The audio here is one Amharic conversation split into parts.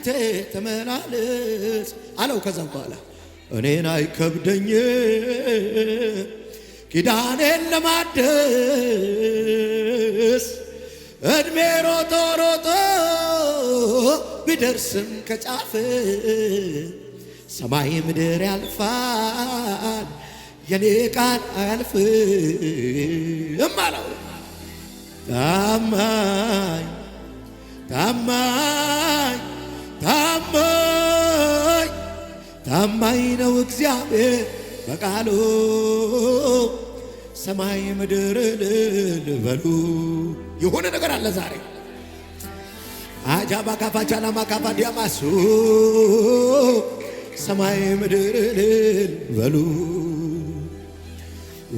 በፊቴ ተመላለስ አለው። ከዛ በኋላ እኔን አይከብደኝ ኪዳኔን ለማደስ እድሜ ሮጦ ሮጦ ቢደርስም ከጫፍ ሰማይ ምድር ያልፋል የኔ ቃል አያልፍም አለው። ታማኝ ታማኝ ታማኝ ታማኝ ነው እግዚአብሔር በቃሉ ሰማይ ምድር ልበሉ። የሆነ ነገር አለ ዛሬ አጃባ ካፋ ቻላማ ካፋ ዲያማሱ ሰማይ ምድር ልበሉ።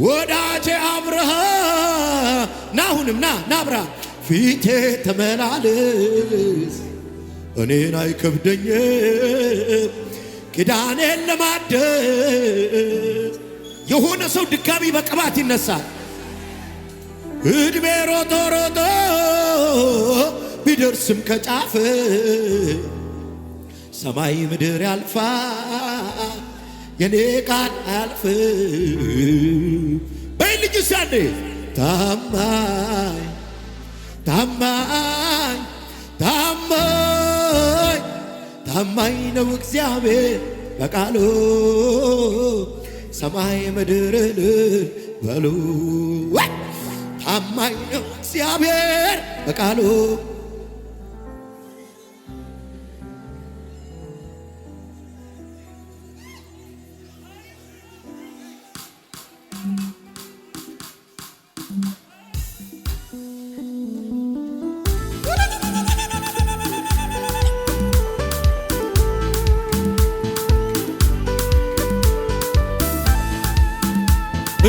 ወዳጄ አብረሃ ና አሁንም ና ና ናብራ ፊቴ ተመላልስ። እኔን አይከብደኝ ኪዳኔን ለማደ የሆነ ሰው ድጋሚ በቅባት ይነሳል። እድሜ ሮጦ ሮጦ ቢደርስም ከጫፍ ሰማይ ምድር ያልፋ የኔ ቃል አያልፍ በይ ልጅ ሳኔ ታማኝ ታማኝ ታማኝ ታማኝ ነው እግዚአብሔር በቃሉ ሰማይ ምድርን በሉ። ታማኝ ነው እግዚአብሔር በቃሉ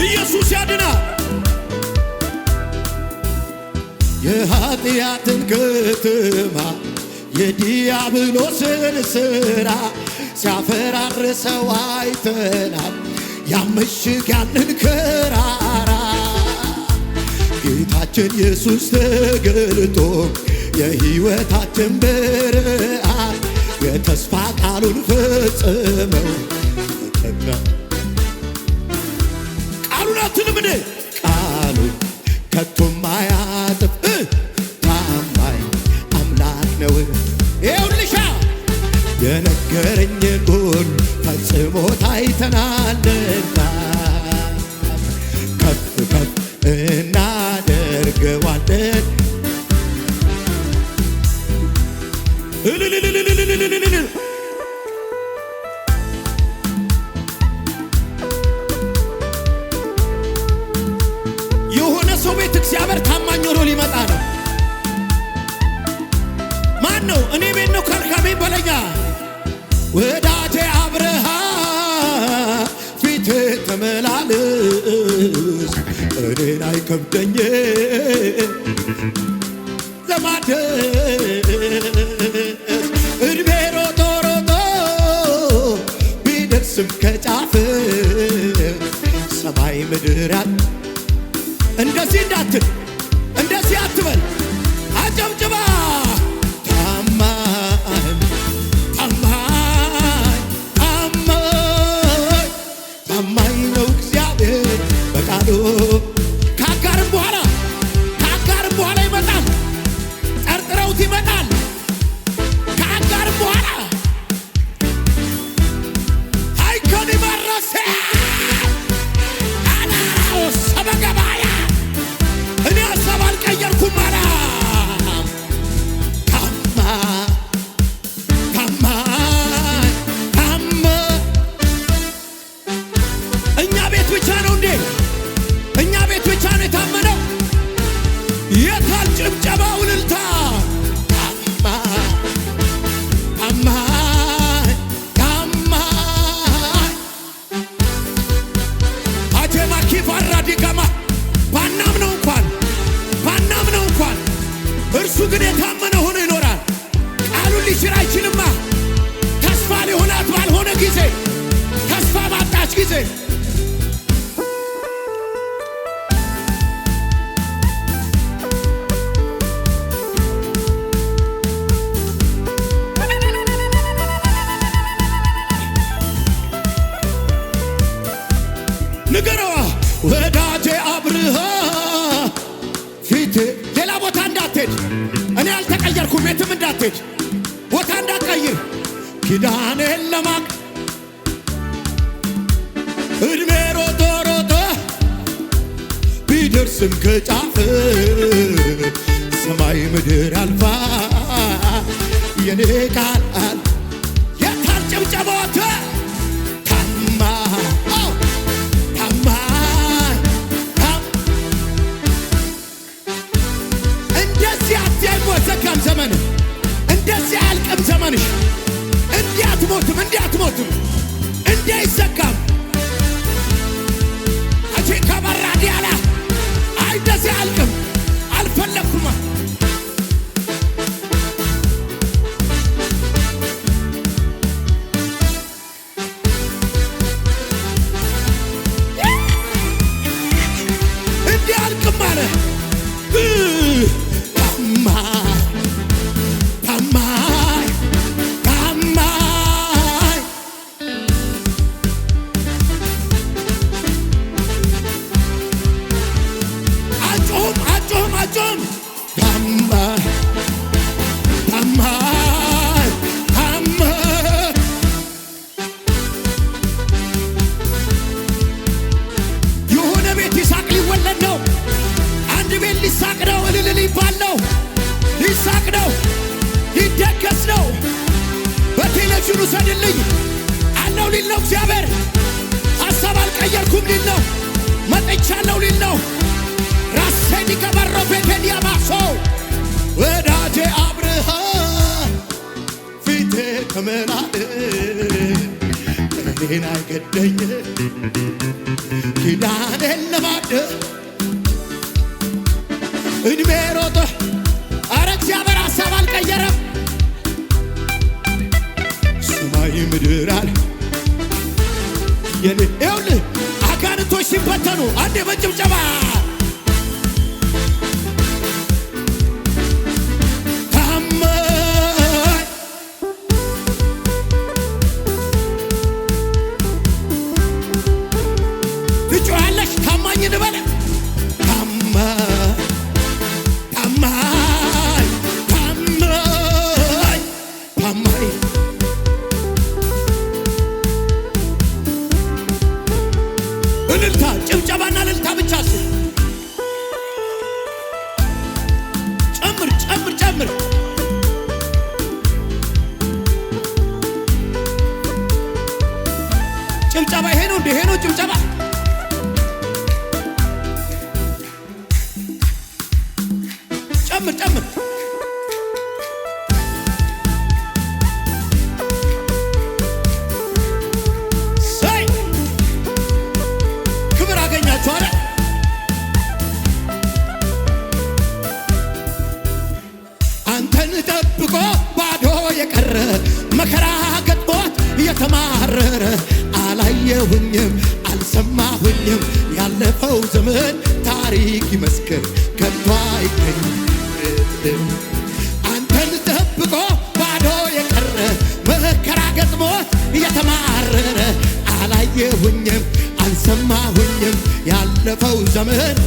ኢየሱስ ያድና የኃጢአትን ከተማ የዲያብሎስን ስራ ሲያፈራርሰው አይተናል። ያምሽግ ያንን ከራራ ጌታችን ኢየሱስ ተገልጦ የሕይወታችን ብርሃን የተስፋ ቃሉን ፈጽመው አትልም እንዴ ቃሉ ከቶም አያጥፍ ታማኝ አምላክ ነው። ይኸውልሻ የነገረኝ ሁሉ ፈጽሞ ታይተናልና ከፍ ከፍ እናደርገዋለን እልልልልልልልልልል ሲከብደኝ ለማደር እድሜ ሮጦ ሮጦ ቢደርስም ከጫፍ ሰማይ ምድራት እንደዚህ እንዳትል እንደዚህ አትበል አጨብጭባ ታማኝ ታማኝ ታማኝ ታማኝ ነው እግዚአብሔር በቃሉ ፋራ ዲጋማ ባናምነው እንኳን ባናምነው እንኳን እርሱ ግን የታመነ ሆኖ ይኖራል። ቃሉን ሊሽር አይችልማ። ተስፋ ሊሆናት ባልሆነ ጊዜ ተስፋ ባጣች ጊዜ እንዳትሄድ፣ እኔ አልተቀየርኩም። ቤትም እንዳትሄድ፣ ቦታ እንዳትቀይር፣ ኪዳኔን ለማቅ እድሜ ሮጦ ሮጦ ቢደርስም ከጫፍ ሰማይ ምድር አልፋ የኔ ቃል አይደለም ዘመንሽ። እንዲህ አትሞትም፣ እንዲህ አትሞትም፣ እንዲህ አይዘጋም። አቼ ከበራ ዲያላ አይደሴ አልቅም አልፈለግኩማ መንከስ ነው። በቴሌቪዥን ውሰድልኝ አለው ሊል ነው እግዚአብሔር። ሐሳብ አልቀየርኩም ሊል ነው። መጥቻለሁ ሊል ነው። ራሴን ከበሮ ቤቴን ወዳጄ አብርሃ ፊቴ ከመናድ ቀኔን አይገደኝ ኪዳኔን ለማድ እድሜ ሮጦ አረ እግዚአብሔር ሐሳብ አልቀየረም። የኔ ምድር አለ የኔ ይኸውልህ አጋንንቶች ሲፈተኑ አንዴ በጭብጨባ እልልታ ጭብጨባና እልልታ ብቻ ስ ጨምር ጨምር ጨምር ጭብጨባ ይሄ ነው እንደ ይሄ ነው ጭብጨባ ጨምር ጨምር የተማረረ አላየሁኝም አልሰማሁኝም። ያለፈው ዘመን ታሪክ ይመስክር ከቶ አይገኝ አንተን ጠብቆ ባዶ የቀረ መከራ ገጥሞት የተማረረ አላየሁኝም አልሰማሁኝም ያለፈው ዘመን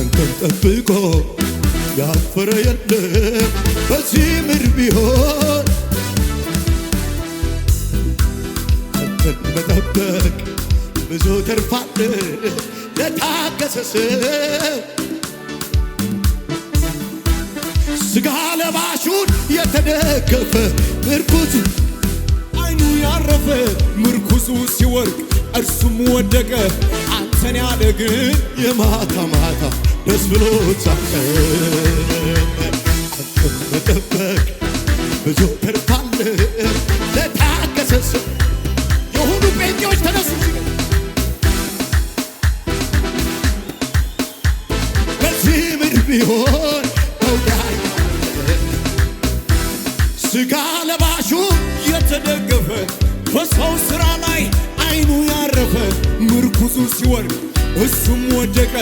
አንተን ጠብቆ ያፈረ የለም በዚህ ምድር ቢሆን አንተን መጠበቅ ብዙ ትርፋለ ለታገሰ ሰው ለባሹን የተደገፈ ምርኩዙ አይኑ ያረፈ ምርኩዙ ሲወርቅ እርሱም ወደቀ። አንተን ያለ ግን የማታ ማታ ደስ ብሎት መጠበቅ ብዙ ትርፍ አለ ለታገሰ ሰው የሆኑ ጴንጤዎች ተነሱ። በዚህ ምድር ቢሆን መውዳይ ስጋ ለባሹ የተደገፈ በሰው ስራ ላይ አይኑ ያረፈ ምርኩዙ ሲወርድ እሱም ወደቀ።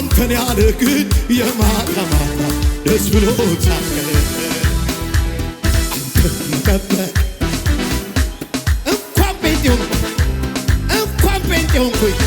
አንተን ያለ ግን የማታ ደስ ብሎት እንኳን ጴንጤ ሆንኩኝ እንኳን ጴንጤ ሆንኩኝ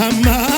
I'm out.